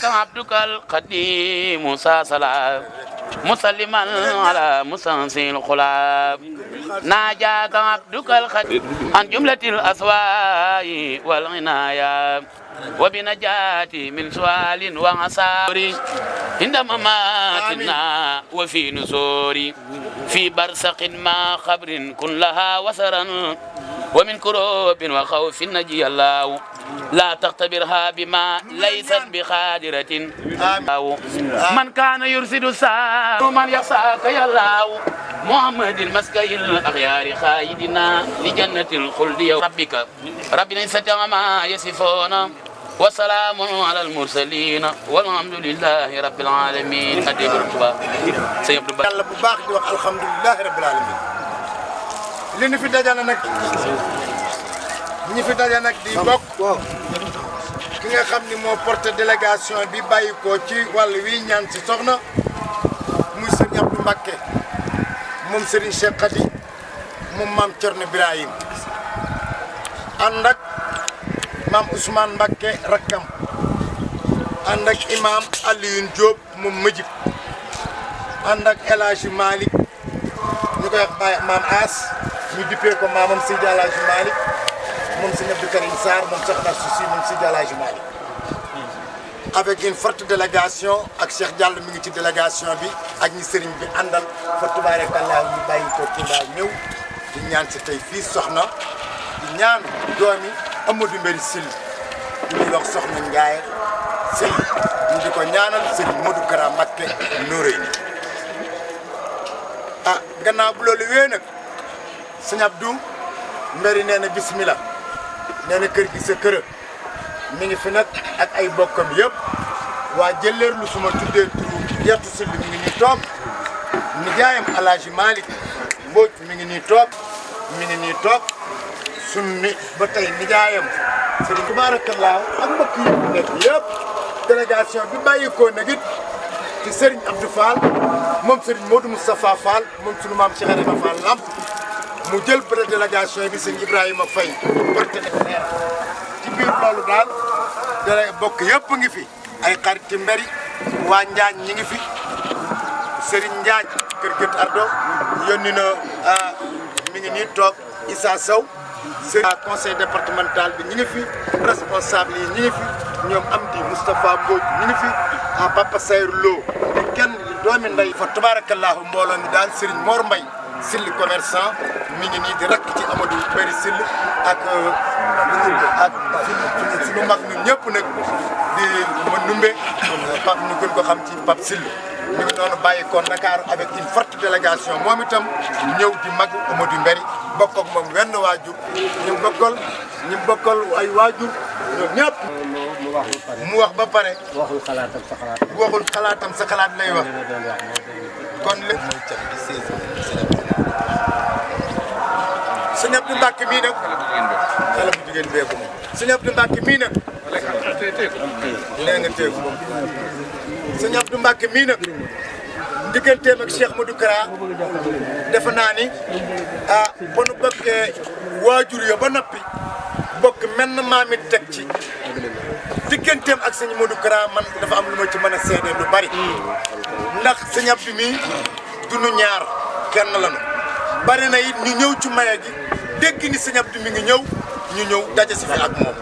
ka abdukal qadimu sa sala musliman ala musansil khulab ناجاك عبدك الخديم عن جملة الأسواء والعناية وبنجاتي من سؤال وعسار عند مماتنا وفي نسوري في برسق ما خبر كن لها وسرا ومن كروب وخوف نجي الله لا تختبرها بما ليست بقادرة من كان يرسل الساعة من يسعك يا الله محمد المسكي الأخيار خايدنا لجنة الخلد ربك ربنا ستر ما يصفون وسلام على المرسلين والحمد لله رب العالمين أديب الربا سيد الربا يلا بباخ الحمد لله رب العالمين لأن في الدجال نك ñi fi daje nag di bokk ki nga xam ni moo porte délégation bi bàyyi ko ci wàll wi ñaan si soxna muy sëriñ Abdou Mbacké moom sëriñ Cheikh Khady moom maam Thierno Birahim rakkam ànd ak imaam Alioune Diop moom mëjib ànd ak ñu koy wax Baye maam ñu dippee ko maamam Seydi El Hadji Malick moom Serigne Abdou Karim Sarr moom Sokhna Souci moom Seydi El Hadji Malick avec une forte ak Cheikh jàll mi ngi ci délégation bi ak ñi sëriñ bi àndal fa tubaarakallah ñu bàyyi ko Touba ñëw di ñaan si tey fii soxna di ñaan doomi Amadou Mbéri Syll ñuy wax soxna Ndiaye Syll ñu di ko ñaanal sëriñ Modou Kara Mbacké Noreyni ah gannaaw bu loolu wee sëñ Abdou Mbéri nee na bismillah nee na kër gi sa kër mi ngi fi nag ak ay bokkam yëpp waa jëleer lu suma tuddee turu Yatou mi ngi nii toog nijaayam Alaaji Malick Mbodj mi ngi nii toog mi nii toog sun ni ba tey nijaayam sëriñ tubaarakallaahu ak mbokk yi nekk yëpp délégation bi bàyyikoo nag it ci sëriñ Abdou Fall moom sëriñ Modou Moustapha Fall moom sunu maam Cheikh Adama Fall Lamp mu jël prédélégation bi sëñ Ibrahima Faye porte ci biir loolu daal dara bokk yëpp ngi fi ay xariti mbéri waa Njaañ ñi ngi fi sëriñ Njaañ kër gët ardo yónni na ah, mi ngi nii toog Issa Sow Serigne conseil départemental bi ñi ngi fi responsable yi ñi ngi fi ñoom am di Moustapha Mbodj ñi ngi fi a ah, Papa Sayr Lo te kenn doomi nday fa tabaarakallaahu mbooloo mi daal Serigne Mor mbay Sill commercant mi ngi nii di rakk ci Amadou Bari Sill ak euh, ak suñu mag ñun ñëpp nekk di ma numbe pap ñu gën ko xam ci pap Sill ñu ngi doon bàyyi ko Dakar avec une forte délégation moom itam ñëw di mag Amadou Mbéri bokk ak moom wenn waajur ñu bokkal ñu bokkal ay waajur ñoom ñëpp. mu wax ba pare. waxul xalaatam sa xalaat. waxul xalaatam sa xalaat lay wax. kon lépp. sëñ Abdou Mbacke mii nag xale bu jigéen beeku moom sëñ Abdou Mbacke mii nag nee ak Cheikh Modou Kara defe naa ni ah ba nu bokkee waajur yo ba noppi bokk menn maam it teg ci digganteem ak sëñ Modou Kara man dafa am lu ma ci mën a seede lu bari ndax sëñ Abdou mii du nu ñaar kenn la nu bari na it ñu ñëw ci maye gi dégg ni sëñ Abdu mi ngi ñëw ñu ñëw daje si fi ak moom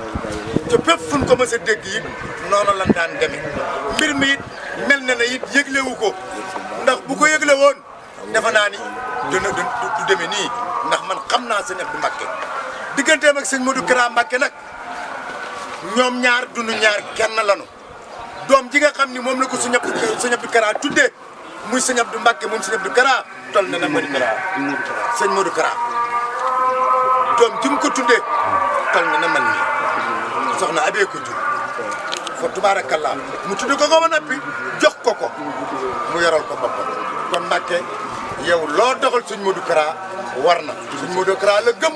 te bépp fu ñu dégg it noonu lan daan mbir mi mel na ne it yëglewu ko ndax bu ko yëgle woon defe naa ni dina du demee nii ndax man xam naa sëñ Abdu Mbàkke digganteem ak sëñ Modou Kara Mbàkke nag ñoom ñaar dunu ñaar kenn lanu doom ji nga xam ni moom la ko sëñ Abdu sëñ Abdu Kara tuddee muy sëñ Abdu Mbàkke moom sëñ Abdu Kara toll na ne Modou Kara sëñ Modou Kara doom ji mu ko na ne man mii soxna abee ko jur fa tubaarakallaa mu tudde ko ko ba jox ko ko mu yoral ko boppam kon Mbàkke yow loo doxal sëñ Modou Kara war na sëñ Kara la gëm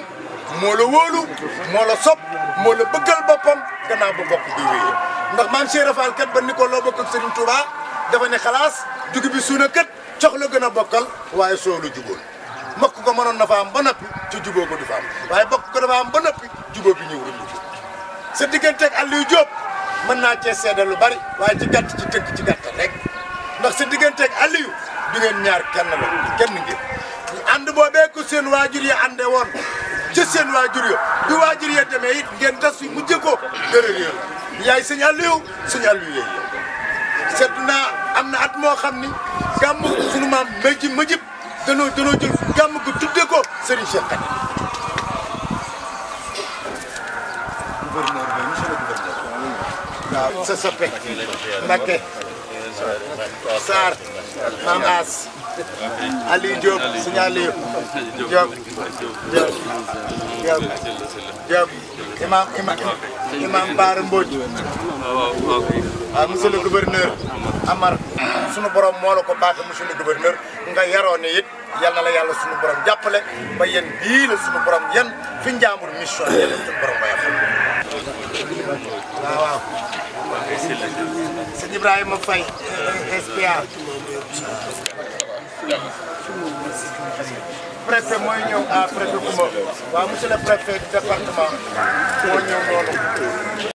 moo wóolu moo la sopp moo la bëggal boppam gannaaw ba bopp bi wéyee ndax maam Cheikh Rafal kat ba ni ko loo bokk dafa ne xalaas dugub suuna kët cox la gën a bokkal waaye soo la jubóol mbokk ko mënoon na fa am ba noppi ci jubóo ko du am waaye bokk ko dafa am ba noppi jubóo bi ñëw rënd sa digganteeg Aliou Diop mën naa cee seede lu bari waaye ci gàtt ci tënk ci gàttal rek ndax sa digganteeg Aliou du ngeen ñaar kenn la kenn ngeen and boo ko seen waajur ya àndee woon ci seen waajur ya bi waajur ya demee it ngeen tas mu jëkkoo dërër yoon yaay sëñ Aliou sëñ Aliou yooyu seet naa am na at moo xam ni gàmm sunu maam mëji mëjib danoo danoo jël gàmm gu tudde ko Serigne Cheikh Kane. gouverneur bi monsieur le gouverneur. waaw sa soppe Mbacké Sarr Mame As Aliou Diop Serigne Aliou waaw ah, monsieur le gouverneur Amar sunu borom moo la ko baaxee monsieur le gouverneur nga yaroo ne yal na la yàlla sunu borom jàppale ba yéen bii la sunu borom yan fi njaambur mission bi la sunu borom koy waaw waaw. sëñ Ibrahima Faye SPA. préfet mooy ñëw ah préfet Koumba waaw monsieur le préfet du département moo ñëw noonu.